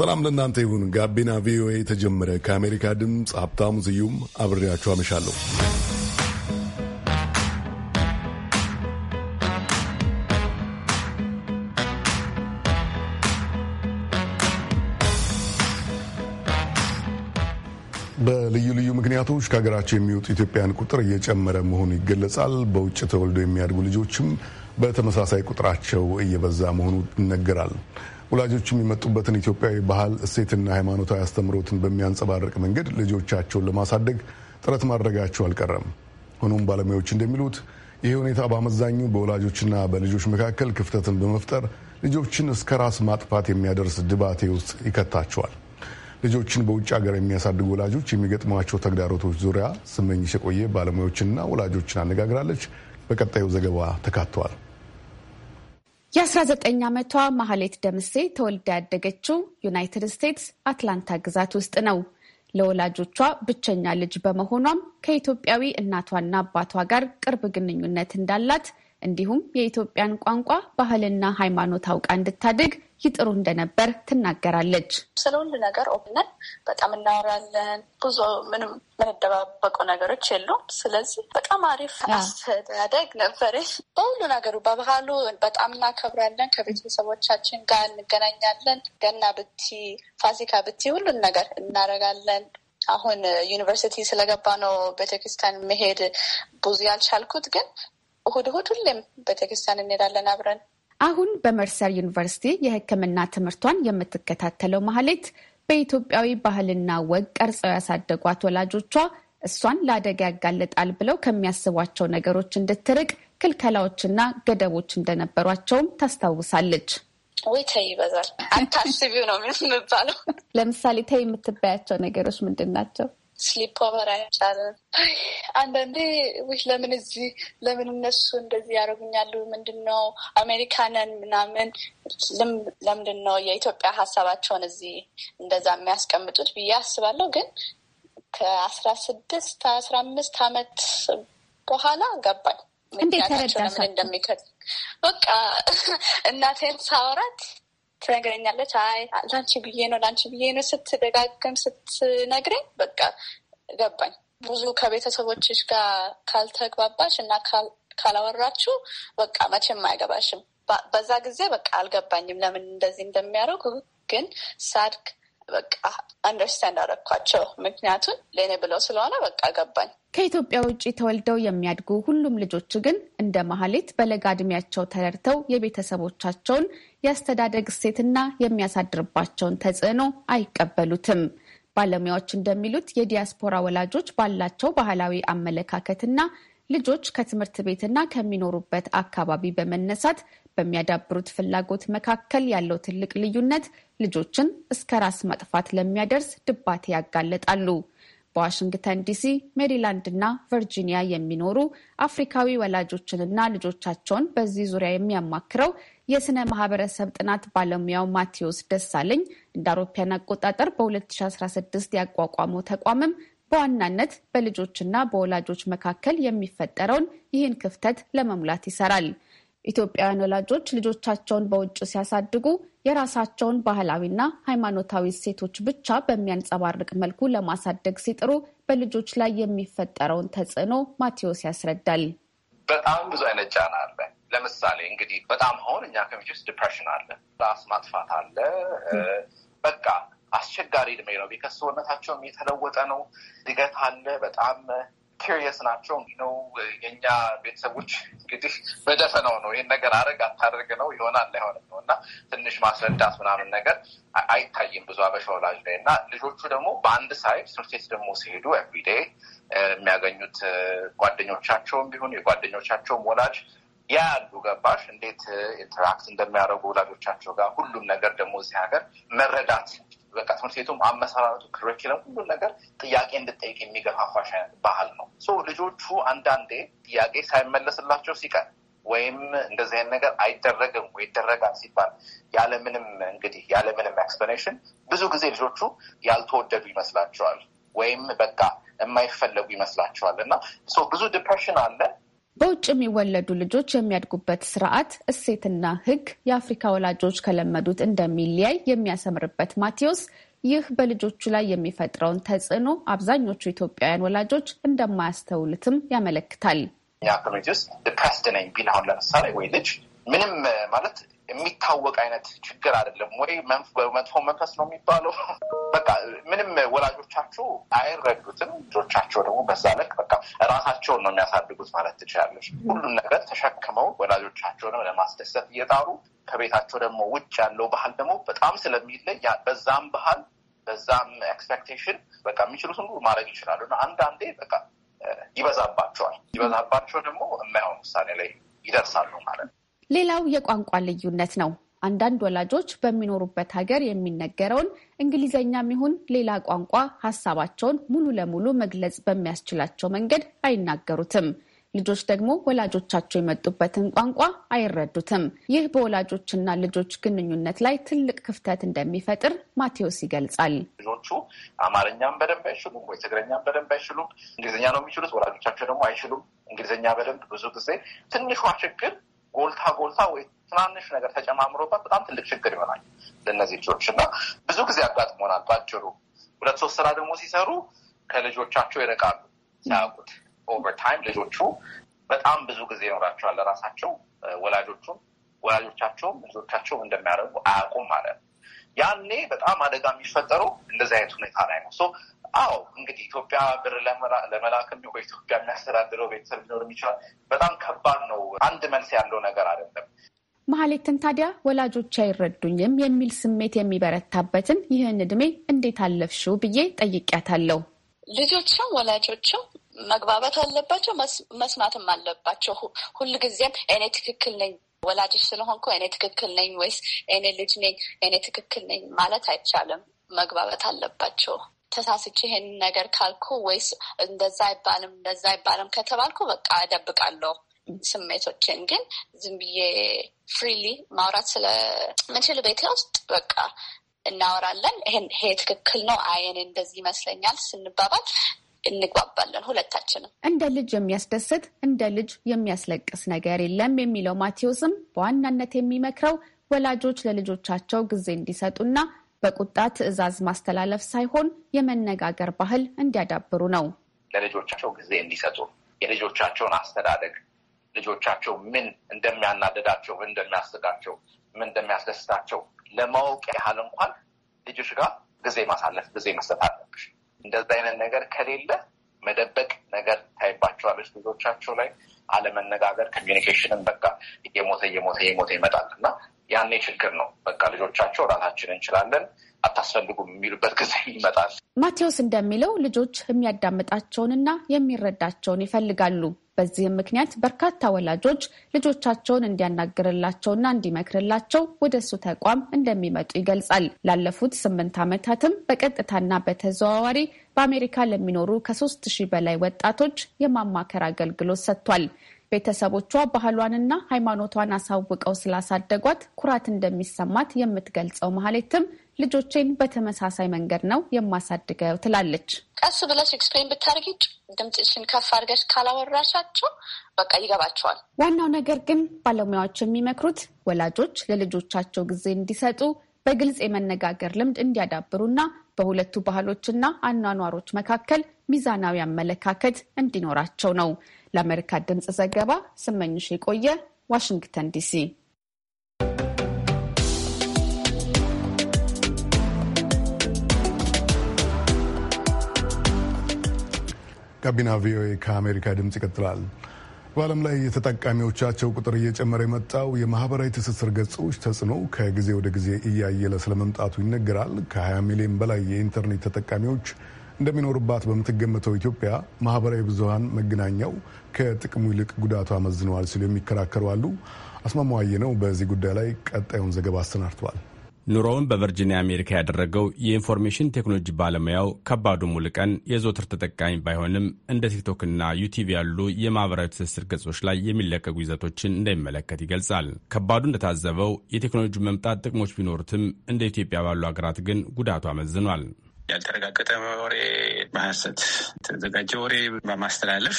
ሰላም ለእናንተ ይሁን። ጋቢና ቪኦኤ የተጀመረ ከአሜሪካ ድምፅ ሀብታሙ ስዩም አብሬያችሁ አመሻለሁ። በልዩ ልዩ ምክንያቶች ከሀገራቸው የሚወጡ ኢትዮጵያውያን ቁጥር እየጨመረ መሆኑ ይገለጻል። በውጭ ተወልደው የሚያድጉ ልጆችም በተመሳሳይ ቁጥራቸው እየበዛ መሆኑ ይነገራል። ወላጆች የሚመጡበትን ኢትዮጵያዊ ባህል እሴትና ሃይማኖታዊ አስተምሮትን በሚያንጸባርቅ መንገድ ልጆቻቸውን ለማሳደግ ጥረት ማድረጋቸው አልቀረም። ሆኖም ባለሙያዎች እንደሚሉት ይህ ሁኔታ በአመዛኙ በወላጆችና በልጆች መካከል ክፍተትን በመፍጠር ልጆችን እስከ ራስ ማጥፋት የሚያደርስ ድባቴ ውስጥ ይከታቸዋል። ልጆችን በውጭ ሀገር የሚያሳድጉ ወላጆች የሚገጥሟቸው ተግዳሮቶች ዙሪያ ስመኝሽ የቆየ ባለሙያዎችንና ወላጆችን አነጋግራለች። በቀጣዩ ዘገባ ተካተዋል። የ19 ዓመቷ ማህሌት ደምሴ ተወልዳ ያደገችው ዩናይትድ ስቴትስ አትላንታ ግዛት ውስጥ ነው። ለወላጆቿ ብቸኛ ልጅ በመሆኗም ከኢትዮጵያዊ እናቷና አባቷ ጋር ቅርብ ግንኙነት እንዳላት እንዲሁም የኢትዮጵያን ቋንቋ ባህልና ሃይማኖት አውቃ እንድታድግ ይጥሩ እንደነበር ትናገራለች። ስለ ሁሉ ነገር ኦፕነን በጣም እናወራለን። ብዙ ምንም የምንደባበቀው ነገሮች የሉም። ስለዚህ በጣም አሪፍ አስተዳደግ ነበር በሁሉ ነገሩ በባህሉ በጣም እናከብራለን። ከቤተሰቦቻችን ጋር እንገናኛለን። ገና ብቲ፣ ፋሲካ ብቲ ሁሉን ነገር እናደርጋለን። አሁን ዩኒቨርሲቲ ስለገባ ነው ቤተክርስቲያን መሄድ ብዙ ያልቻልኩት፣ ግን እሁድ እሁድ ሁሌም ቤተክርስቲያን እንሄዳለን አብረን አሁን በመርሰር ዩኒቨርሲቲ የሕክምና ትምህርቷን የምትከታተለው መሀሌት በኢትዮጵያዊ ባህልና ወግ ቀርጸው ያሳደጓት ወላጆቿ እሷን ለአደጋ ያጋልጣል ብለው ከሚያስቧቸው ነገሮች እንድትርቅ ክልከላዎችና ገደቦች እንደነበሯቸውም ታስታውሳለች። ወይ ተይ ይበዛል፣ አታስቢው ነው የምባለው። ለምሳሌ ተይ የምትባያቸው ነገሮች ምንድን ናቸው? ስሊፕ ኦቨር አይቻልም። አንዳንዴ ውይ ለምን እዚህ ለምን እነሱ እንደዚህ ያደርጉኛሉ? ምንድን ነው አሜሪካንን ምናምን ለምንድን ነው የኢትዮጵያ ሀሳባቸውን እዚህ እንደዛ የሚያስቀምጡት ብዬ አስባለሁ። ግን ከአስራ ስድስት አስራ አምስት አመት በኋላ ገባኝ እንዴት ለምን እንደሚከ በቃ እናቴን ሳወራት ትነግረኛለች። አይ ላንቺ ብዬ ነው ላንቺ ብዬ ነው ስትደጋግም ስትነግረኝ በቃ ገባኝ። ብዙ ከቤተሰቦችሽ ጋር ካልተግባባሽ እና ካላወራችሁ በቃ መቼም አይገባሽም። በዛ ጊዜ በቃ አልገባኝም ለምን እንደዚህ እንደሚያደርጉ ግን ሳድግ በቃ አንደርስታንድ አደረግኳቸው። ምክንያቱን ለእኔ ብለው ስለሆነ በቃ ገባኝ። ከኢትዮጵያ ውጭ ተወልደው የሚያድጉ ሁሉም ልጆች ግን እንደ መሀሌት በለጋ እድሜያቸው ተረድተው የቤተሰቦቻቸውን የአስተዳደግ እሴትና የሚያሳድርባቸውን ተጽዕኖ አይቀበሉትም። ባለሙያዎች እንደሚሉት የዲያስፖራ ወላጆች ባላቸው ባህላዊ አመለካከትና ልጆች ከትምህርት ቤትና ከሚኖሩበት አካባቢ በመነሳት በሚያዳብሩት ፍላጎት መካከል ያለው ትልቅ ልዩነት ልጆችን እስከ ራስ ማጥፋት ለሚያደርስ ድባቴ ያጋለጣሉ። በዋሽንግተን ዲሲ፣ ሜሪላንድ ና ቨርጂኒያ የሚኖሩ አፍሪካዊ ወላጆችንና ልጆቻቸውን በዚህ ዙሪያ የሚያማክረው የስነ ማህበረሰብ ጥናት ባለሙያው ማቴዎስ ደሳለኝ እንደ አውሮፓውያን አቆጣጠር በ2016 ያቋቋመው ተቋምም በዋናነት በልጆችና በወላጆች መካከል የሚፈጠረውን ይህን ክፍተት ለመሙላት ይሰራል። ኢትዮጵያውያን ወላጆች ልጆቻቸውን በውጭ ሲያሳድጉ የራሳቸውን ባህላዊና ሃይማኖታዊ እሴቶች ብቻ በሚያንጸባርቅ መልኩ ለማሳደግ ሲጥሩ በልጆች ላይ የሚፈጠረውን ተጽዕኖ ማቴዎስ ያስረዳል። በጣም ብዙ አይነት ጫና አለ። ለምሳሌ እንግዲህ በጣም አሁን እኛ ከሚች ውስጥ ዲፕሬሽን አለ፣ ራስ ማጥፋት አለ። በቃ አስቸጋሪ እድሜ ነው። ቤተሰብነታቸውም የተለወጠ ነው። ድገት አለ በጣም ኪሪየስ ናቸው። እንዲህ ነው የእኛ ቤተሰቦች እንግዲህ በደፈነው ነው ይህን ነገር አድርግ አታደርግ ነው ይሆናል አይሆንም ነው እና ትንሽ ማስረዳት ምናምን ነገር አይታይም ብዙ አበሻ ወላጅ ላይ እና ልጆቹ ደግሞ በአንድ ሳይድ ትምህርት ቤት ደግሞ ሲሄዱ ኤቭሪዴ የሚያገኙት ጓደኞቻቸውም ቢሆን የጓደኞቻቸውም ወላጅ ያ ያሉ ገባሽ እንዴት ኢንተራክት እንደሚያደርጉ ወላጆቻቸው ጋር ሁሉም ነገር ደግሞ እዚህ ሀገር መረዳት በቃ ትምህርት ቤቱ አመሰራረቱ፣ ክሪኪለም፣ ሁሉን ነገር ጥያቄ እንድጠይቅ የሚገፋፋሽ አይነት ባህል ነው። ሶ ልጆቹ አንዳንዴ ጥያቄ ሳይመለስላቸው ሲቀር ወይም እንደዚህ አይነት ነገር አይደረግም ወይ ይደረጋል ሲባል ያለምንም እንግዲህ ያለምንም ኤክስፕላኔሽን ብዙ ጊዜ ልጆቹ ያልተወደዱ ይመስላቸዋል ወይም በቃ የማይፈለጉ ይመስላቸዋል እና ብዙ ዲፕሬሽን አለ። በውጭ የሚወለዱ ልጆች የሚያድጉበት ስርዓት እሴትና ህግ የአፍሪካ ወላጆች ከለመዱት እንደሚለያይ የሚያሰምርበት ማቴዎስ ይህ በልጆቹ ላይ የሚፈጥረውን ተጽዕኖ አብዛኞቹ ኢትዮጵያውያን ወላጆች እንደማያስተውሉትም ያመለክታል። ያ ኮሚኒቲ ውስጥ ዲፕረስድ ነኝ ቢል አሁን ለምሳሌ ወይ ልጅ ምንም ማለት የሚታወቅ አይነት ችግር አይደለም ወይ መጥፎ መንፈስ ነው የሚባለው። በቃ ምንም ወላጆቻችሁ አይረዱትም፣ ልጆቻቸው ደግሞ በዛ ልክ በቃ ራሳቸውን ነው የሚያሳድጉት ማለት ትችላለች። ሁሉም ነገር ተሸክመው ወላጆቻቸውንም ለማስደሰት እየጣሩ ከቤታቸው ደግሞ ውጭ ያለው ባህል ደግሞ በጣም ስለሚለይ በዛም ባህል በዛም ኤክስፔክቴሽን በቃ የሚችሉትን ሁሉ ማድረግ ይችላሉ እና አንዳንዴ በቃ ይበዛባቸዋል። ይበዛባቸው ደግሞ የማይሆን ውሳኔ ላይ ይደርሳሉ ማለት ነው። ሌላው የቋንቋ ልዩነት ነው። አንዳንድ ወላጆች በሚኖሩበት ሀገር የሚነገረውን እንግሊዘኛም ይሁን ሌላ ቋንቋ ሀሳባቸውን ሙሉ ለሙሉ መግለጽ በሚያስችላቸው መንገድ አይናገሩትም። ልጆች ደግሞ ወላጆቻቸው የመጡበትን ቋንቋ አይረዱትም። ይህ በወላጆችና ልጆች ግንኙነት ላይ ትልቅ ክፍተት እንደሚፈጥር ማቴዎስ ይገልጻል። ልጆቹ አማርኛም በደንብ አይችሉም ወይ ትግረኛም በደንብ አይችሉም። እንግሊዝኛ ነው የሚችሉት፣ ወላጆቻቸው ደግሞ አይችሉም እንግሊዝኛ በደንብ ብዙ ጊዜ ትንሿ ችግር ጎልታ ጎልታ ወይ ትናንሽ ነገር ተጨማምሮባት በጣም ትልቅ ችግር ይሆናል ለእነዚህ ልጆች እና ብዙ ጊዜ አጋጥሞናል። ባጭሩ ሁለት ሶስት ስራ ደግሞ ሲሰሩ ከልጆቻቸው ይርቃሉ ሳያውቁት። ኦቨርታይም ልጆቹ በጣም ብዙ ጊዜ ይኖራቸዋል ለራሳቸው ወላጆቹም ወላጆቻቸውም ልጆቻቸውም እንደሚያደርጉ አያውቁም ማለት ነው። ያኔ በጣም አደጋ የሚፈጠረው እንደዚህ አይነት ሁኔታ ላይ ነው። አዎ እንግዲህ ኢትዮጵያ ብር ለመላክም ኢትዮጵያ የሚያስተዳድረው ቤተሰብ ሊኖር የሚችላል። በጣም ከባድ ነው። አንድ መልስ ያለው ነገር አይደለም። መሀሌትን ታዲያ ወላጆች አይረዱኝም የሚል ስሜት የሚበረታበትን ይህን እድሜ እንዴት አለፍሽው ብዬ ጠይቅያታለው ልጆችም ወላጆችም መግባባት አለባቸው፣ መስማትም አለባቸው። ሁልጊዜም እኔ ትክክል ነኝ ወላጆች ስለሆንኩ እኔ ትክክል ነኝ ወይስ እኔ ልጅ ነኝ እኔ ትክክል ነኝ ማለት አይቻልም። መግባባት አለባቸው። ተሳስቼ ይሄንን ነገር ካልኩ ወይስ እንደዛ አይባልም እንደዛ አይባልም ከተባልኩ በቃ እደብቃለሁ ስሜቶችን ግን ዝም ብዬ ፍሪሊ ማውራት ስለምችል ቤት ውስጥ በቃ እናወራለን። ይሄ ትክክል ነው፣ አይን እንደዚህ ይመስለኛል ስንባባል እንግባባለን ሁለታችንም። እንደ ልጅ የሚያስደስት እንደ ልጅ የሚያስለቅስ ነገር የለም የሚለው ማቴዎስም በዋናነት የሚመክረው ወላጆች ለልጆቻቸው ጊዜ እንዲሰጡና በቁጣ ትዕዛዝ ማስተላለፍ ሳይሆን የመነጋገር ባህል እንዲያዳብሩ ነው። ለልጆቻቸው ጊዜ እንዲሰጡ የልጆቻቸውን አስተዳደግ ልጆቻቸው ምን እንደሚያናደዳቸው፣ ምን እንደሚያስዳቸው፣ ምን እንደሚያስደስታቸው ለማወቅ ያህል እንኳን ልጆች ጋር ጊዜ ማሳለፍ ጊዜ መስጠት አለብሽ። እንደዚ አይነት ነገር ከሌለ መደበቅ ነገር ታይባቸዋለች ልጆቻቸው ላይ አለመነጋገር፣ ኮሚኒኬሽንን በቃ እየሞተ እየሞተ እየሞተ ይመጣል እና ያኔ ችግር ነው። በቃ ልጆቻቸው ራሳችን እንችላለን አታስፈልጉም የሚሉበት ጊዜ ይመጣል። ማቴዎስ እንደሚለው ልጆች የሚያዳምጣቸውንና የሚረዳቸውን ይፈልጋሉ። በዚህም ምክንያት በርካታ ወላጆች ልጆቻቸውን እንዲያናግርላቸውና እንዲመክርላቸው ወደ እሱ ተቋም እንደሚመጡ ይገልጻል። ላለፉት ስምንት ዓመታትም በቀጥታና በተዘዋዋሪ በአሜሪካ ለሚኖሩ ከሶስት ሺህ በላይ ወጣቶች የማማከር አገልግሎት ሰጥቷል። ቤተሰቦቿ ባህሏንና ሃይማኖቷን አሳውቀው ስላሳደጓት ኩራት እንደሚሰማት የምትገልጸው መሀሌትም ልጆቼን በተመሳሳይ መንገድ ነው የማሳድገው ትላለች። ቀስ ብለሽ ኤክስፕሌን ብታደርጊ ድምፅሽን ከፍ አድርገሽ ካላወራሻቸው በቃ ይገባቸዋል። ዋናው ነገር ግን ባለሙያዎች የሚመክሩት ወላጆች ለልጆቻቸው ጊዜ እንዲሰጡ፣ በግልጽ የመነጋገር ልምድ እንዲያዳብሩና በሁለቱ ባህሎችና አኗኗሮች መካከል ሚዛናዊ አመለካከት እንዲኖራቸው ነው። ለአሜሪካ ድምፅ ዘገባ ስመኝሽ የቆየ ዋሽንግተን ዲሲ። ጋቢና ቪኦኤ ከአሜሪካ ድምፅ ይቀጥላል። በዓለም ላይ የተጠቃሚዎቻቸው ቁጥር እየጨመረ የመጣው የማህበራዊ ትስስር ገጾች ተጽዕኖ ከጊዜ ወደ ጊዜ እያየለ ስለመምጣቱ ይነገራል። ከ20 ሚሊዮን በላይ የኢንተርኔት ተጠቃሚዎች እንደሚኖርባት በምትገመተው ኢትዮጵያ ማህበራዊ ብዙሀን መገናኛው ከጥቅሙ ይልቅ ጉዳቱ አመዝነዋል ሲሉ የሚከራከሩ አሉ። አስማማው ነው በዚህ ጉዳይ ላይ ቀጣዩን ዘገባ አሰናድተዋል። ኑሮውን በቨርጂኒያ አሜሪካ ያደረገው የኢንፎርሜሽን ቴክኖሎጂ ባለሙያው ከባዱ ሙልቀን የዘወትር ተጠቃሚ ባይሆንም እንደ ቲክቶክና ዩቲዩብ ያሉ የማህበራዊ ትስስር ገጾች ላይ የሚለቀቁ ይዘቶችን እንደሚመለከት ይገልጻል። ከባዱ እንደታዘበው የቴክኖሎጂ መምጣት ጥቅሞች ቢኖሩትም እንደ ኢትዮጵያ ባሉ ሀገራት ግን ጉዳቱ አመዝኗል። ያልተረጋገጠ ወሬ በሀሰት የተዘጋጀ ወሬ በማስተላለፍ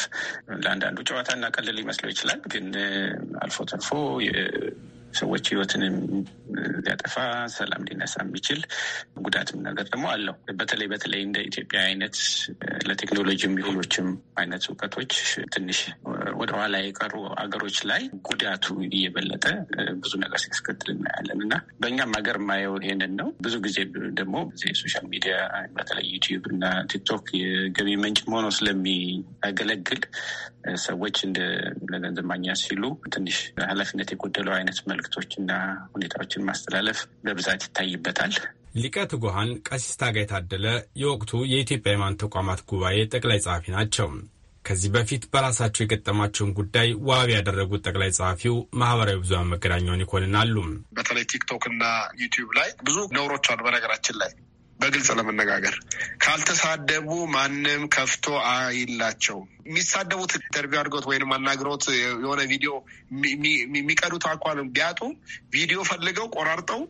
ለአንዳንዱ ጨዋታና ቀልል ሊመስለው ይችላል። ግን አልፎ ተርፎ ሰዎች ህይወትንም ሊያጠፋ ሰላም ሊነሳ የሚችል ጉዳትም ነገር ደግሞ አለው። በተለይ በተለይ እንደ ኢትዮጵያ አይነት ለቴክኖሎጂ የሚሆኖችም አይነት እውቀቶች ትንሽ ወደኋላ የቀሩ አገሮች ላይ ጉዳቱ እየበለጠ ብዙ ነገር ሲያስከትል እናያለን እና በእኛም ሀገር የማየው ይሄንን ነው። ብዙ ጊዜ ደግሞ የሶሻል ሚዲያ በተለይ ዩቲዩብ እና ቲክቶክ የገቢ ምንጭ ሆኖ ስለሚያገለግል ሰዎች እንደ ለገንዘብ ማግኛ ሲሉ ትንሽ ኃላፊነት የጎደለው አይነት መ መልክቶችና ሁኔታዎችን ማስተላለፍ በብዛት ይታይበታል። ሊቀ ትጉሃን ቀሲስ ታጋይ ታደለ የወቅቱ የኢትዮጵያ ሃይማኖት ተቋማት ጉባኤ ጠቅላይ ጸሐፊ ናቸው። ከዚህ በፊት በራሳቸው የገጠማቸውን ጉዳይ ዋቢ ያደረጉት ጠቅላይ ጸሐፊው ማህበራዊ ብዙሀን መገናኛውን ይኮንናሉ። በተለይ ቲክቶክ እና ዩቲዩብ ላይ ብዙ ነውሮች አሉ። በነገራችን ላይ በግልጽ ለመነጋገር ካልተሳደቡ ማንም ከፍቶ አይላቸውም። የሚሳደቡት ኢንተርቪው አድርገውት ወይም አናግረውት የሆነ ቪዲዮ የሚቀዱት አኳን ቢያጡ ቪዲዮ ፈልገው ቆራርጠው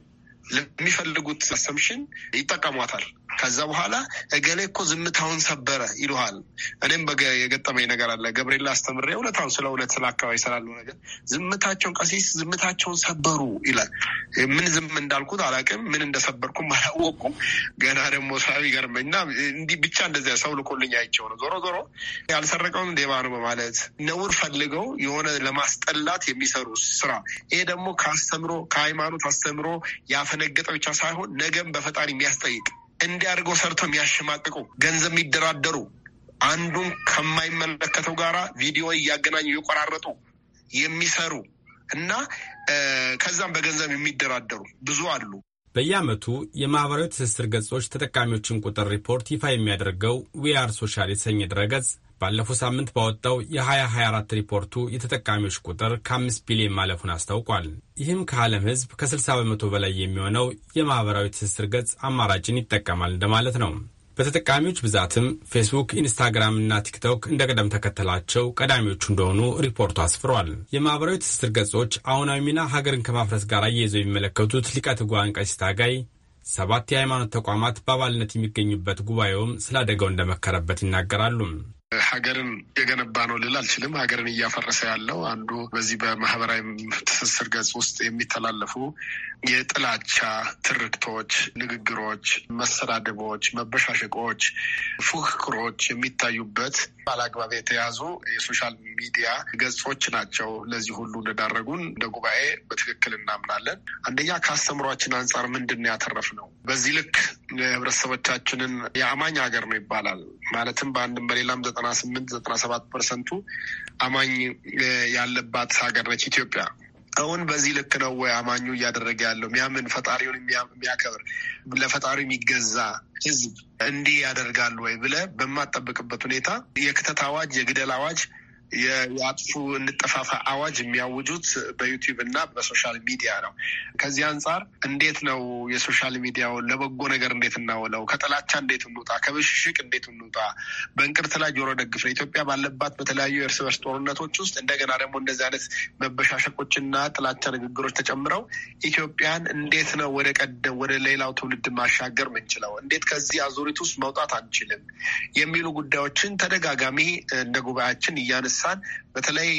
ለሚፈልጉት አሰምሽን ይጠቀሟታል። ከዛ በኋላ እገሌ እኮ ዝምታውን ሰበረ ይሉሃል። እኔም የገጠመኝ ነገር አለ። ገብርኤል አስተምሬ እውነታውን ስለ እውነት ስለ አካባቢ ስላለው ነገር ዝምታቸውን ቀሲስ ዝምታቸውን ሰበሩ ይላል። ምን ዝም እንዳልኩት አላውቅም፣ ምን እንደሰበርኩም አላወቁም። ገና ደግሞ ሳቢ ገርመኝና እንዲህ ብቻ እንደዚያ ሰው ልኮልኝ አይቼው ነው። ዞሮ ዞሮ ያልሰረቀውን ሌባ ነው በማለት ነውር ፈልገው የሆነ ለማስጠላት የሚሰሩ ስራ ይሄ ደግሞ ከአስተምሮ ከሃይማኖት አስተምሮ ያፈነገጠ ብቻ ሳይሆን ነገም በፈጣሪ የሚያስጠይቅ እንዲያደርገው ሰርተው የሚያሸማቅቁ ገንዘብ የሚደራደሩ አንዱን ከማይመለከተው ጋራ ቪዲዮ እያገናኙ እየቆራረጡ የሚሰሩ እና ከዛም በገንዘብ የሚደራደሩ ብዙ አሉ። በየዓመቱ የማህበራዊ ትስስር ገጾች ተጠቃሚዎችን ቁጥር ሪፖርት ይፋ የሚያደርገው ዊአር ሶሻል የተሰኘ ድረገጽ ባለፈው ሳምንት ባወጣው የ2024 ሪፖርቱ የተጠቃሚዎች ቁጥር ከ5 ቢሊዮን ማለፉን አስታውቋል። ይህም ከዓለም ሕዝብ ከ60 በመቶ በላይ የሚሆነው የማኅበራዊ ትስስር ገጽ አማራጭን ይጠቀማል እንደማለት ነው። በተጠቃሚዎች ብዛትም ፌስቡክ፣ ኢንስታግራም እና ቲክቶክ እንደ ቅደም ተከተላቸው ቀዳሚዎቹ እንደሆኑ ሪፖርቱ አስፍሯል። የማኅበራዊ ትስስር ገጾች አሁናዊ ሚና ሀገርን ከማፍረስ ጋር እየይዘው የሚመለከቱት ሊቀ ትጉሃን ቀሲስ ታጋይ ሰባት የሃይማኖት ተቋማት በአባልነት የሚገኙበት ጉባኤውም ስላደገው እንደመከረበት ይናገራሉ። ሀገርን የገነባ ነው ልል አልችልም። ሀገርን እያፈረሰ ያለው አንዱ በዚህ በማህበራዊ ትስስር ገጽ ውስጥ የሚተላለፉ የጥላቻ ትርክቶች፣ ንግግሮች፣ መሰዳደቦች፣ መበሻሸቆች፣ ፉክክሮች የሚታዩበት ባለአግባብ የተያዙ የሶሻል ሚዲያ ገጾች ናቸው። ለዚህ ሁሉ እንደዳረጉን እንደ ጉባኤ በትክክል እናምናለን። አንደኛ ከአስተምሯችን አንጻር ምንድን ነው በዚህ ልክ ህብረተሰቦቻችንን የአማኝ ሀገር ነው ይባላል። ማለትም በአንድም በሌላም ዘጠና ስምንት ዘጠና ሰባት ፐርሰንቱ አማኝ ያለባት ሀገር ነች ኢትዮጵያ። እውን በዚህ ልክ ነው ወይ አማኙ እያደረገ ያለው ሚያምን ፈጣሪውን የሚያከብር ለፈጣሪው የሚገዛ ህዝብ እንዲህ ያደርጋሉ ወይ ብለ በማጠብቅበት ሁኔታ የክተት አዋጅ፣ የግደል አዋጅ የአጥፉ እንጠፋፋ አዋጅ የሚያውጁት በዩቲዩብ እና በሶሻል ሚዲያ ነው። ከዚህ አንጻር እንዴት ነው የሶሻል ሚዲያውን ለበጎ ነገር እንዴት እናውለው? ከጥላቻ እንዴት እንውጣ? ከብሽሽቅ እንዴት እንውጣ? በእንቅርት ላይ ጆሮ ደግፍ ነው። ኢትዮጵያ ባለባት በተለያዩ የእርስ በርስ ጦርነቶች ውስጥ እንደገና ደግሞ እንደዚህ አይነት መበሻሸቆችና ጥላቻ ንግግሮች ተጨምረው ኢትዮጵያን እንዴት ነው ወደ ቀደም ወደ ሌላው ትውልድ ማሻገር ምንችለው? እንዴት ከዚህ አዙሪት ውስጥ መውጣት አንችልም? የሚሉ ጉዳዮችን ተደጋጋሚ እንደ ጉባኤያችን እያነሳ እየተነሳን በተለይ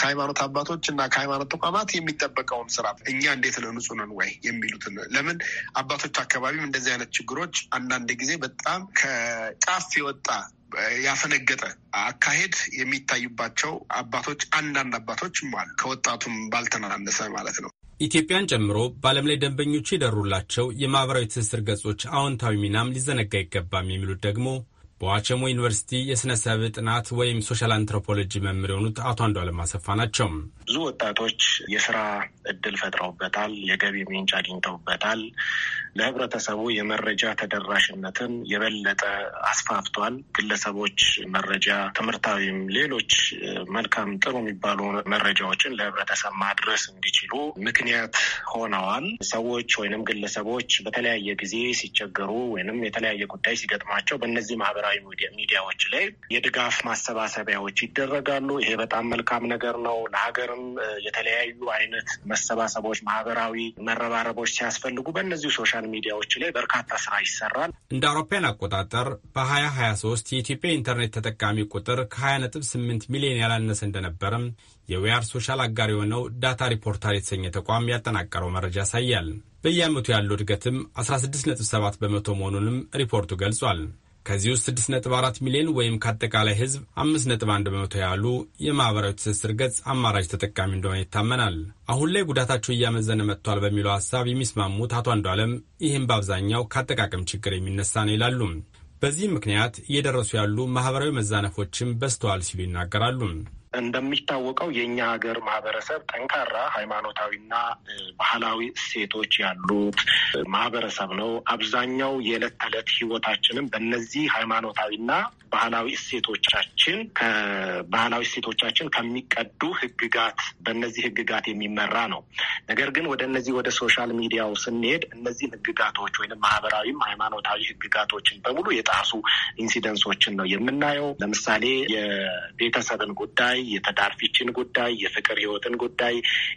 ከሃይማኖት አባቶች እና ከሃይማኖት ተቋማት የሚጠበቀውን ስራ እኛ እንዴት ነው ንጹህ ነን ወይ የሚሉትን ለምን አባቶች አካባቢም እንደዚህ አይነት ችግሮች አንዳንድ ጊዜ በጣም ከጫፍ የወጣ ያፈነገጠ አካሄድ የሚታዩባቸው አባቶች አንዳንድ አባቶችም አሉ። ከወጣቱም ባልተናነሰ ማለት ነው። ኢትዮጵያን ጨምሮ በዓለም ላይ ደንበኞቹ የደሩላቸው የማህበራዊ ትስስር ገጾች አዎንታዊ ሚናም ሊዘነጋ አይገባም የሚሉት ደግሞ በዋቸሞ ዩኒቨርሲቲ የሥነ ሰብ ጥናት ወይም ሶሻል አንትሮፖሎጂ መምህር የሆኑት አቶ አንዷለም አሰፋ ናቸው። ብዙ ወጣቶች የስራ እድል ፈጥረውበታል፣ የገቢ ምንጭ አግኝተውበታል። ለህብረተሰቡ የመረጃ ተደራሽነትን የበለጠ አስፋፍቷል። ግለሰቦች መረጃ፣ ትምህርታዊም፣ ሌሎች መልካም ጥሩ የሚባሉ መረጃዎችን ለህብረተሰብ ማድረስ እንዲችሉ ምክንያት ሆነዋል። ሰዎች ወይንም ግለሰቦች በተለያየ ጊዜ ሲቸገሩ ወይንም የተለያየ ጉዳይ ሲገጥማቸው በእነዚህ ማህበረ ማህበራዊ ሚዲያዎች ላይ የድጋፍ ማሰባሰቢያዎች ይደረጋሉ። ይሄ በጣም መልካም ነገር ነው። ለሀገርም የተለያዩ አይነት መሰባሰቦች፣ ማህበራዊ መረባረቦች ሲያስፈልጉ በእነዚሁ ሶሻል ሚዲያዎች ላይ በርካታ ስራ ይሰራል። እንደ አውሮፓውያን አቆጣጠር በ2023 የኢትዮጵያ ኢንተርኔት ተጠቃሚ ቁጥር ከ20.8 ሚሊዮን ያላነሰ እንደነበርም የዊያር ሶሻል አጋር የሆነው ዳታ ሪፖርተር የተሰኘ ተቋም ያጠናቀረው መረጃ ያሳያል። በየዓመቱ ያለው እድገትም 16.7 በመቶ መሆኑንም ሪፖርቱ ገልጿል። ከዚህ ውስጥ 6.4 ሚሊዮን ወይም ከአጠቃላይ ህዝብ 5.1 በመቶ ያሉ የማኅበራዊ ትስስር ገጽ አማራጭ ተጠቃሚ እንደሆነ ይታመናል። አሁን ላይ ጉዳታቸው እያመዘነ መጥቷል በሚለው ሀሳብ የሚስማሙት አቶ አንዱ ዓለም ይህም በአብዛኛው ከአጠቃቀም ችግር የሚነሳ ነው ይላሉ። በዚህም ምክንያት እየደረሱ ያሉ ማኅበራዊ መዛነፎችም በስተዋል ሲሉ ይናገራሉ። እንደሚታወቀው የእኛ ሀገር ማህበረሰብ ጠንካራ ሃይማኖታዊና ባህላዊ እሴቶች ያሉት ማህበረሰብ ነው። አብዛኛው የዕለት ተዕለት ህይወታችንም በእነዚህ ሃይማኖታዊና ባህላዊ እሴቶቻችን ከባህላዊ እሴቶቻችን ከሚቀዱ ህግጋት በእነዚህ ህግጋት የሚመራ ነው። ነገር ግን ወደ እነዚህ ወደ ሶሻል ሚዲያው ስንሄድ እነዚህን ህግጋቶች ወይም ማህበራዊም ሃይማኖታዊ ህግጋቶችን በሙሉ የጣሱ ኢንሲደንሶችን ነው የምናየው። ለምሳሌ የቤተሰብን ጉዳይ የትዳር ፍቺን ጉዳይ፣ የፍቅር ህይወትን ጉዳይ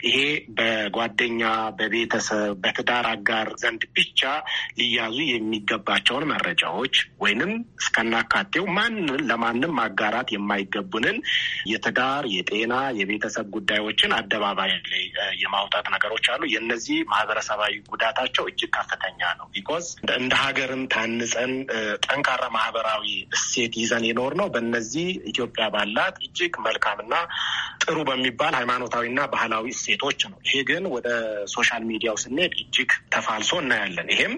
ይሄ በጓደኛ በቤተሰብ በትዳር አጋር ዘንድ ብቻ ሊያዙ የሚገባቸውን መረጃዎች ወይንም እስከናካቴው ማን ለማንም ማጋራት የማይገቡንን የትዳር የጤና የቤተሰብ ጉዳዮችን አደባባይ ላይ የማውጣት ነገሮች አሉ። የነዚህ ማህበረሰባዊ ጉዳታቸው እጅግ ከፍተኛ ነው። ቢኮዝ እንደ ሀገርም ታንጸን ጠንካራ ማህበራዊ እሴት ይዘን የኖር ነው። በእነዚህ ኢትዮጵያ ባላት እጅግ መልካም እና ጥሩ በሚባል ሃይማኖታዊና ባህላዊ እሴቶች ነው። ይሄ ግን ወደ ሶሻል ሚዲያው ስንሄድ እጅግ ተፋልሶ እናያለን። ይሄም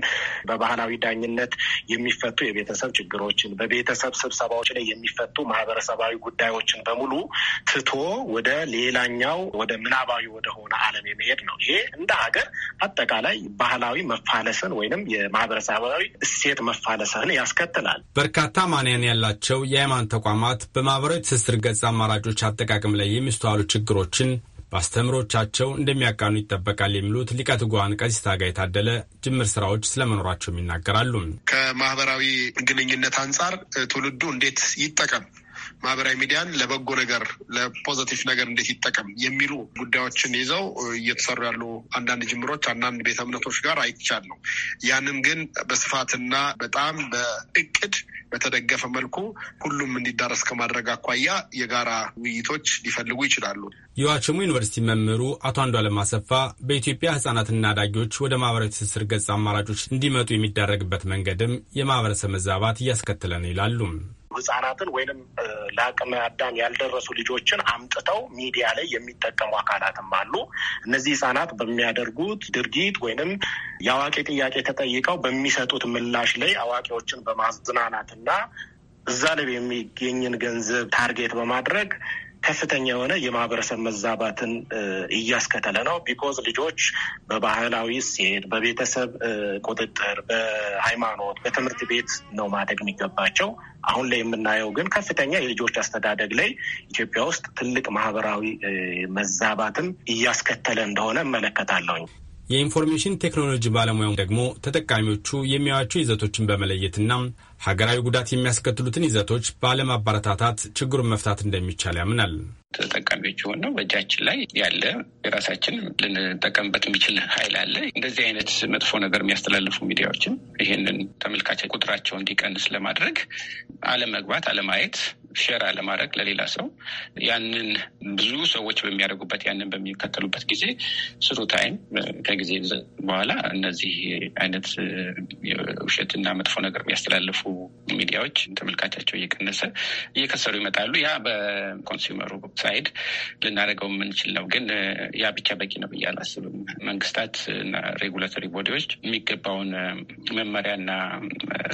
በባህላዊ ዳኝነት የሚፈቱ የቤተሰብ ችግሮችን፣ በቤተሰብ ስብሰባዎች ላይ የሚፈቱ ማህበረሰባዊ ጉዳዮችን በሙሉ ትቶ ወደ ሌላኛው ወደ ምናባዊ ወደሆነ ዓለም የመሄድ ነው። ይሄ እንደ ሀገር አጠቃላይ ባህላዊ መፋለስን ወይንም የማህበረሰባዊ እሴት መፋለስን ያስከትላል። በርካታ ማንያን ያላቸው የሃይማኖት ተቋማት በማህበራዊ ትስስር ገጽ አማራጮች በመድኃኒቶች አጠቃቀም ላይ የሚስተዋሉ ችግሮችን በአስተምሮቻቸው እንደሚያቃኑ ይጠበቃል የሚሉት ሊቀ ትጉሃን ቀሲስ ታጋይ የታደለ ጅምር ስራዎች ስለመኖራቸውም ይናገራሉ። ከማህበራዊ ግንኙነት አንጻር ትውልዱ እንዴት ይጠቀም ማህበራዊ ሚዲያን ለበጎ ነገር ለፖዘቲቭ ነገር እንዴት ይጠቀም የሚሉ ጉዳዮችን ይዘው እየተሰሩ ያሉ አንዳንድ ጅምሮች አንዳንድ ቤተ እምነቶች ጋር አይቻል ነው። ያንን ግን በስፋትና በጣም በእቅድ በተደገፈ መልኩ ሁሉም እንዲዳረስ ከማድረግ አኳያ የጋራ ውይይቶች ሊፈልጉ ይችላሉ። የዋቸሞ ዩኒቨርሲቲ መምህሩ አቶ አንዷለም አሰፋ በኢትዮጵያ ህጻናትና አዳጊዎች ወደ ማህበራዊ ትስስር ገጽ አማራጮች እንዲመጡ የሚደረግበት መንገድም የማህበረሰብ መዛባት እያስከተለ ነው ይላሉ። ህጻናትን ወይንም ለአቅመ አዳም ያልደረሱ ልጆችን አምጥተው ሚዲያ ላይ የሚጠቀሙ አካላትም አሉ። እነዚህ ህጻናት በሚያደርጉት ድርጊት ወይንም የአዋቂ ጥያቄ ተጠይቀው በሚሰጡት ምላሽ ላይ አዋቂዎችን በማዝናናት እና እዛ ላይ የሚገኝን ገንዘብ ታርጌት በማድረግ ከፍተኛ የሆነ የማህበረሰብ መዛባትን እያስከተለ ነው። ቢኮዝ ልጆች በባህላዊ እሴት በቤተሰብ ቁጥጥር፣ በሃይማኖት፣ በትምህርት ቤት ነው ማደግ የሚገባቸው። አሁን ላይ የምናየው ግን ከፍተኛ የልጆች አስተዳደግ ላይ ኢትዮጵያ ውስጥ ትልቅ ማህበራዊ መዛባትን እያስከተለ እንደሆነ እመለከታለሁኝ። የኢንፎርሜሽን ቴክኖሎጂ ባለሙያው ደግሞ ተጠቃሚዎቹ የሚያዩዋቸው ይዘቶችን በመለየትና ሀገራዊ ጉዳት የሚያስከትሉትን ይዘቶች ባለማበረታታት ችግሩን መፍታት እንደሚቻል ያምናል። ተጠቃሚዎች የሆነው በእጃችን ላይ ያለ የራሳችን ልንጠቀምበት የሚችል ኃይል አለ። እንደዚህ አይነት መጥፎ ነገር የሚያስተላልፉ ሚዲያዎችን ይህንን ተመልካች ቁጥራቸው እንዲቀንስ ለማድረግ አለመግባት፣ አለማየት ሼር አለማድረግ ለሌላ ሰው ያንን ብዙ ሰዎች በሚያደርጉበት ያንን በሚከተሉበት ጊዜ ስሩ ታይም ከጊዜ በኋላ እነዚህ አይነት ውሸትና መጥፎ ነገር የሚያስተላልፉ ሚዲያዎች ተመልካቻቸው እየቀነሰ እየከሰሩ ይመጣሉ። ያ በኮንሱመሩ ሳይድ ልናደርገው የምንችል ነው፣ ግን ያ ብቻ በቂ ነው ብዬ አላስብም። መንግስታት እና ሬጉላቶሪ ቦዲዎች የሚገባውን መመሪያና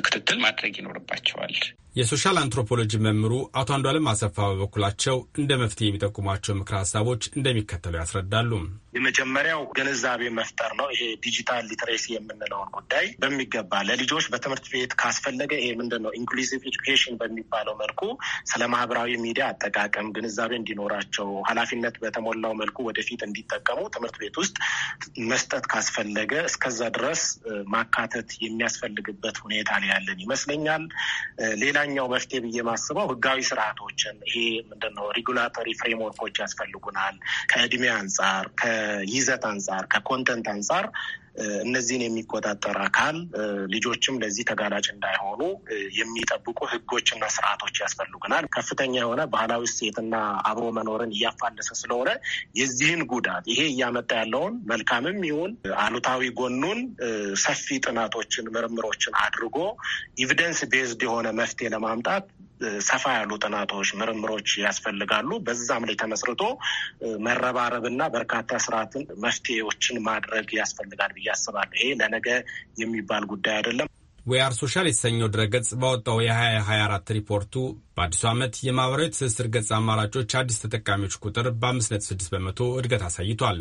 ክትትል ማድረግ ይኖርባቸዋል። የሶሻል አንትሮፖሎጂ መምህሩ አቶ አንዷለም አሰፋ በበኩላቸው እንደ መፍትሄ የሚጠቁሟቸው ምክር ሀሳቦች እንደሚከተለው ያስረዳሉ። የመጀመሪያው ግንዛቤ መፍጠር ነው። ይሄ ዲጂታል ሊትሬሲ የምንለውን ጉዳይ በሚገባ ለልጆች በትምህርት ቤት ካስፈለገ ይሄ ምንድን ነው ኢንክሉዚቭ ኤጁኬሽን በሚባለው መልኩ ስለ ማህበራዊ ሚዲያ አጠቃቀም ግንዛቤ እንዲኖራቸው፣ ኃላፊነት በተሞላው መልኩ ወደፊት እንዲጠቀሙ ትምህርት ቤት ውስጥ መስጠት ካስፈለገ እስከዛ ድረስ ማካተት የሚያስፈልግበት ሁኔታ ላይ ያለን ይመስለኛል። ሌላ ሌላኛው መፍትሄ ብዬ ማስበው ህጋዊ ስርዓቶችን ይሄ ምንድነው ሪጉላቶሪ ፍሬምወርኮች ያስፈልጉናል። ከእድሜ አንጻር፣ ከይዘት አንጻር፣ ከኮንተንት አንጻር እነዚህን የሚቆጣጠር አካል ልጆችም ለዚህ ተጋላጭ እንዳይሆኑ የሚጠብቁ ህጎችና ስርዓቶች ያስፈልጉናል። ከፍተኛ የሆነ ባህላዊ እሴትና አብሮ መኖርን እያፋለሰ ስለሆነ የዚህን ጉዳት ይሄ እያመጣ ያለውን መልካምም ይሁን አሉታዊ ጎኑን ሰፊ ጥናቶችን፣ ምርምሮችን አድርጎ ኢቪደንስ ቤዝድ የሆነ መፍትሄ ለማምጣት ሰፋ ያሉ ጥናቶች፣ ምርምሮች ያስፈልጋሉ። በዛም ላይ ተመስርቶ መረባረብና በርካታ ስርዓትን መፍትሄዎችን ማድረግ ያስፈልጋል ብዬ አስባለሁ። ይሄ ለነገ የሚባል ጉዳይ አይደለም። ዌአር ሶሻል የተሰኘው ድረገጽ ባወጣው የ2024 ሪፖርቱ በአዲሱ ዓመት የማህበራዊ ትስስር ገጽ አማራጮች አዲስ ተጠቃሚዎች ቁጥር በ5.6 በመቶ እድገት አሳይቷል።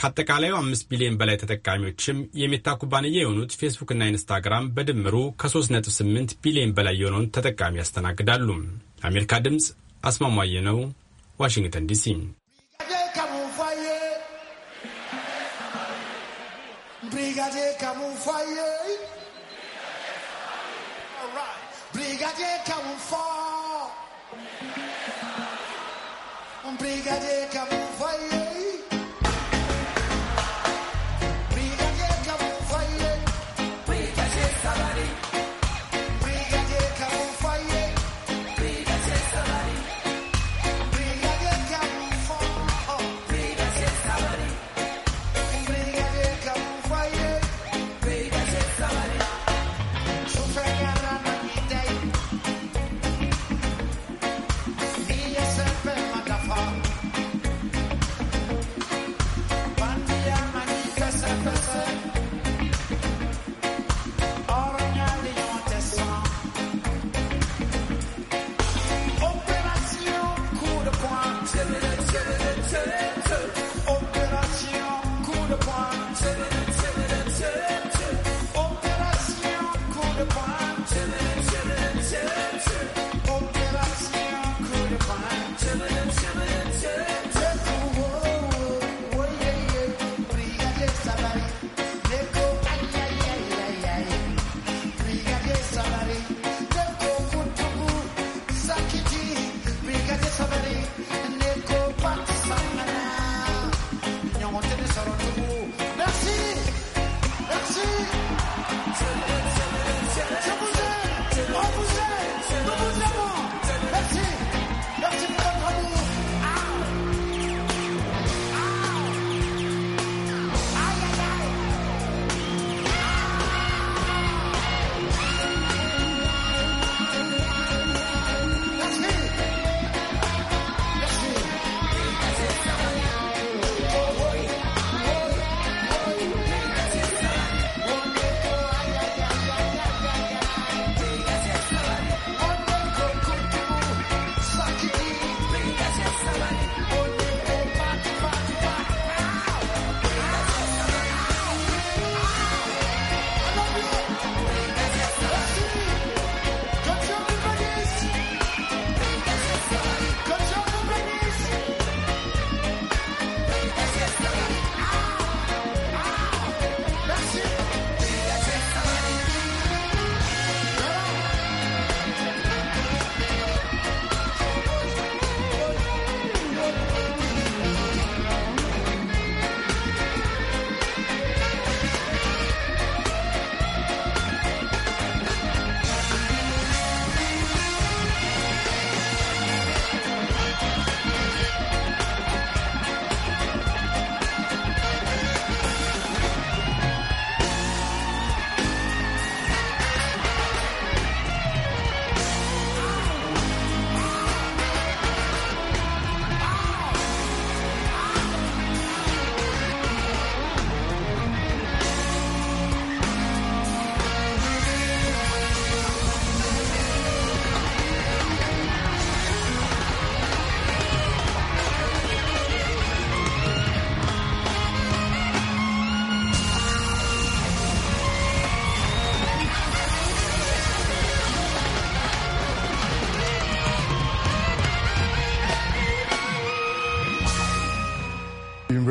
ከአጠቃላዩ አምስት ቢሊዮን በላይ ተጠቃሚዎችም የሜታ ኩባንያ የሆኑት ፌስቡክና ኢንስታግራም በድምሩ ከ3.8 ቢሊዮን በላይ የሆነውን ተጠቃሚ ያስተናግዳሉ። ለአሜሪካ ድምፅ አስማማየ ነው፣ ዋሽንግተን ዲሲ። Brigadier,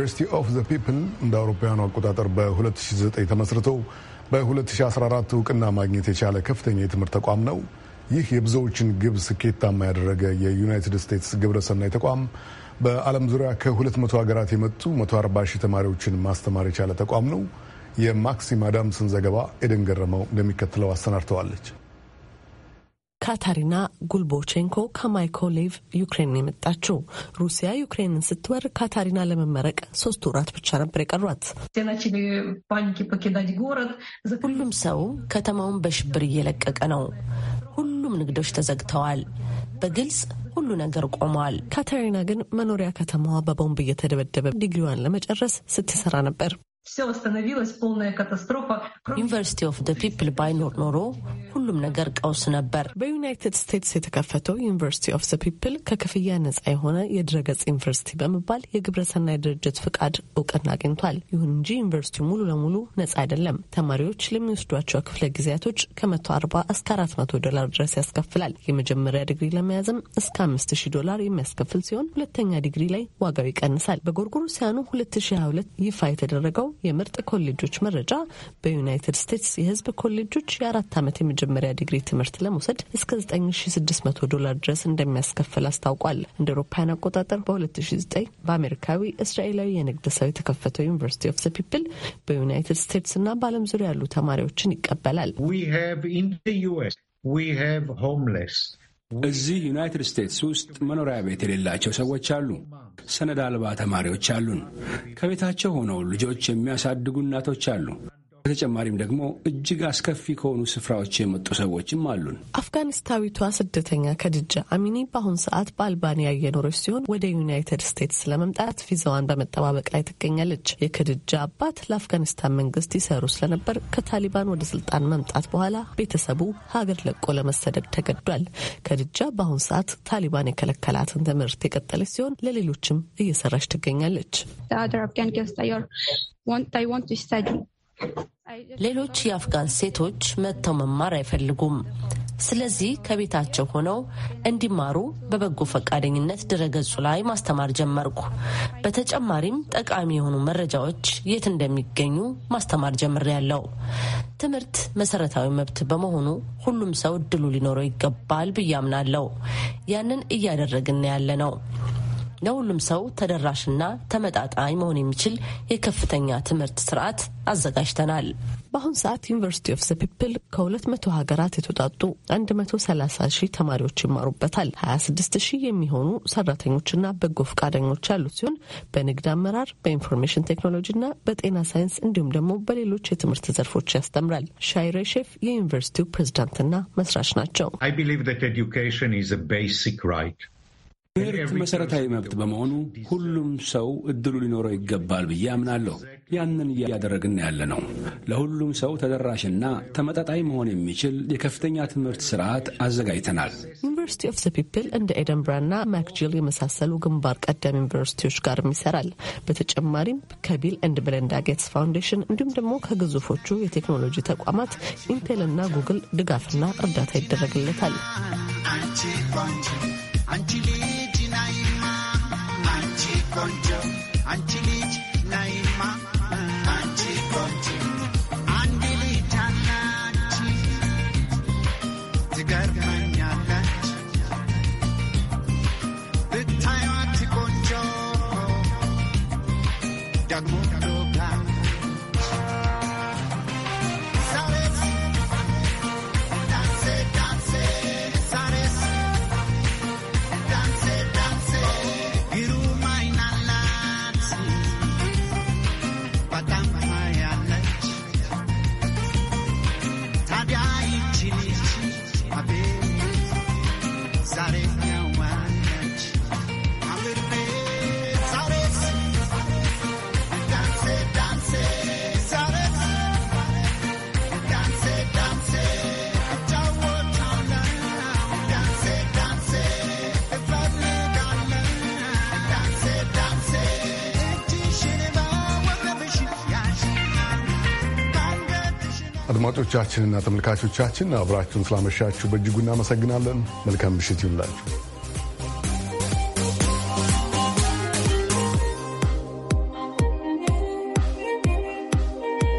ዩኒቨርሲቲ ኦፍ ዘ ፒፕል እንደ አውሮፓውያኑ አቆጣጠር በ2009 ተመስርተው በ2014 እውቅና ማግኘት የቻለ ከፍተኛ የትምህርት ተቋም ነው። ይህ የብዙዎችን ግብ ስኬታማ ያደረገ የዩናይትድ ስቴትስ ግብረሰናይ ተቋም በዓለም ዙሪያ ከ200 ሀገራት የመጡ 140 ሺህ ተማሪዎችን ማስተማር የቻለ ተቋም ነው። የማክሲም አዳምስን ዘገባ ኤደን ገረመው እንደሚከተለው አሰናድተዋለች። ካታሪና ጉልቦቼንኮ ከማይኮሌቭ ዩክሬን የመጣችው። ሩሲያ ዩክሬንን ስትወር ካታሪና ለመመረቅ ሶስት ወራት ብቻ ነበር የቀሯት። ሁሉም ሰው ከተማውን በሽብር እየለቀቀ ነው። ሁሉም ንግዶች ተዘግተዋል። በግልጽ ሁሉ ነገር ቆመዋል። ካታሪና ግን መኖሪያ ከተማዋ በቦምብ እየተደበደበ ዲግሪዋን ለመጨረስ ስትሰራ ነበር። все остановилось, полная катастрофа. ዩኒቨርሲቲ ኦፍ ደ ፒፕል ባይኖር ኖሮ ሁሉም ነገር ቀውስ ነበር። በዩናይትድ ስቴትስ የተከፈተው ዩኒቨርሲቲ ኦፍ ዘ ፒፕል ከክፍያ ነጻ የሆነ የድረገጽ ዩኒቨርሲቲ በመባል የግብረሰናይ ድርጅት ፍቃድ እውቅና አግኝቷል። ይሁን እንጂ ዩኒቨርሲቲው ሙሉ ለሙሉ ነጻ አይደለም። ተማሪዎች ለሚወስዷቸው ክፍለ ጊዜያቶች ከመቶ አርባ እስከ አራት መቶ ዶላር ድረስ ያስከፍላል። የመጀመሪያ ዲግሪ ለመያዝም እስከ አምስት ሺህ ዶላር የሚያስከፍል ሲሆን ሁለተኛ ዲግሪ ላይ ዋጋው ይቀንሳል። በጎርጎሮሳውያኑ 2022 ይፋ የተደረገው የምርጥ ኮሌጆች መረጃ በዩናይትድ ስቴትስ የህዝብ ኮሌጆች የአራት ዓመት የመጀመሪያ ዲግሪ ትምህርት ለመውሰድ እስከ 9600 ዶላር ድረስ እንደሚያስከፍል አስታውቋል። እንደ አውሮፓውያን አቆጣጠር በ2009 በአሜሪካዊ እስራኤላዊ የንግድ ሰው የተከፈተው ዩኒቨርሲቲ ኦፍ ዘ ፒፕል በዩናይትድ ስቴትስ እና በዓለም ዙሪያ ያሉ ተማሪዎችን ይቀበላል። እዚህ ዩናይትድ ስቴትስ ውስጥ መኖሪያ ቤት የሌላቸው ሰዎች አሉ። ሰነድ አልባ ተማሪዎች አሉን። ከቤታቸው ሆነው ልጆች የሚያሳድጉ እናቶች አሉ። በተጨማሪም ደግሞ እጅግ አስከፊ ከሆኑ ስፍራዎች የመጡ ሰዎችም አሉን። አፍጋኒስታዊቷ ስደተኛ ከድጃ አሚኒ በአሁኑ ሰዓት በአልባንያ እየኖረች ሲሆን ወደ ዩናይትድ ስቴትስ ለመምጣት ቪዛዋን በመጠባበቅ ላይ ትገኛለች። የከድጃ አባት ለአፍጋኒስታን መንግስት ይሰሩ ስለነበር ከታሊባን ወደ ስልጣን መምጣት በኋላ ቤተሰቡ ሀገር ለቆ ለመሰደድ ተገዷል። ከድጃ በአሁኑ ሰዓት ታሊባን የከለከላትን ትምህርት የቀጠለች ሲሆን ለሌሎችም እየሰራች ትገኛለች። ሌሎች የአፍጋን ሴቶች መጥተው መማር አይፈልጉም። ስለዚህ ከቤታቸው ሆነው እንዲማሩ በበጎ ፈቃደኝነት ድረገጹ ላይ ማስተማር ጀመርኩ። በተጨማሪም ጠቃሚ የሆኑ መረጃዎች የት እንደሚገኙ ማስተማር ጀምሬያለሁ። ትምህርት መሰረታዊ መብት በመሆኑ ሁሉም ሰው እድሉ ሊኖረው ይገባል ብዬ አምናለሁ። ያንን እያደረግን ያለ ነው። ለሁሉም ሰው ተደራሽና ተመጣጣኝ መሆን የሚችል የከፍተኛ ትምህርት ስርዓት አዘጋጅተናል። በአሁን ሰዓት ዩኒቨርሲቲ ኦፍ ዘ ፒፕል ከ200 ሀገራት የተውጣጡ 130 ሺህ ተማሪዎች ይማሩበታል። 26 ሺህ የሚሆኑ ሰራተኞችና በጎ ፈቃደኞች ያሉት ሲሆን በንግድ አመራር፣ በኢንፎርሜሽን ቴክኖሎጂና በጤና ሳይንስ እንዲሁም ደግሞ በሌሎች የትምህርት ዘርፎች ያስተምራል። ሻይሬ ሼፍ የዩኒቨርሲቲው ፕሬዝዳንትና መስራች ናቸው። ይህ መሠረታዊ መብት በመሆኑ ሁሉም ሰው እድሉ ሊኖረው ይገባል ብዬ አምናለሁ። ያንን እያደረግን ያለ ነው። ለሁሉም ሰው ተደራሽና ተመጣጣኝ መሆን የሚችል የከፍተኛ ትምህርት ስርዓት አዘጋጅተናል። ዩኒቨርሲቲ ኦፍ ዘ ፒፕል እንደ ኤደንብራና ማክጂል የመሳሰሉ ግንባር ቀደም ዩኒቨርሲቲዎች ጋርም ይሰራል። በተጨማሪም ከቢል እንድ ሜሊንዳ ጌትስ ፋውንዴሽን እንዲሁም ደግሞ ከግዙፎቹ የቴክኖሎጂ ተቋማት ኢንቴልና ጉግል ድጋፍና እርዳታ ይደረግለታል። ቆንጆ አንቺ አድማጮቻችንና ተመልካቾቻችን አብራችሁን ስላመሻችሁ በእጅጉ እናመሰግናለን። መልካም ምሽት ይሁንላችሁ።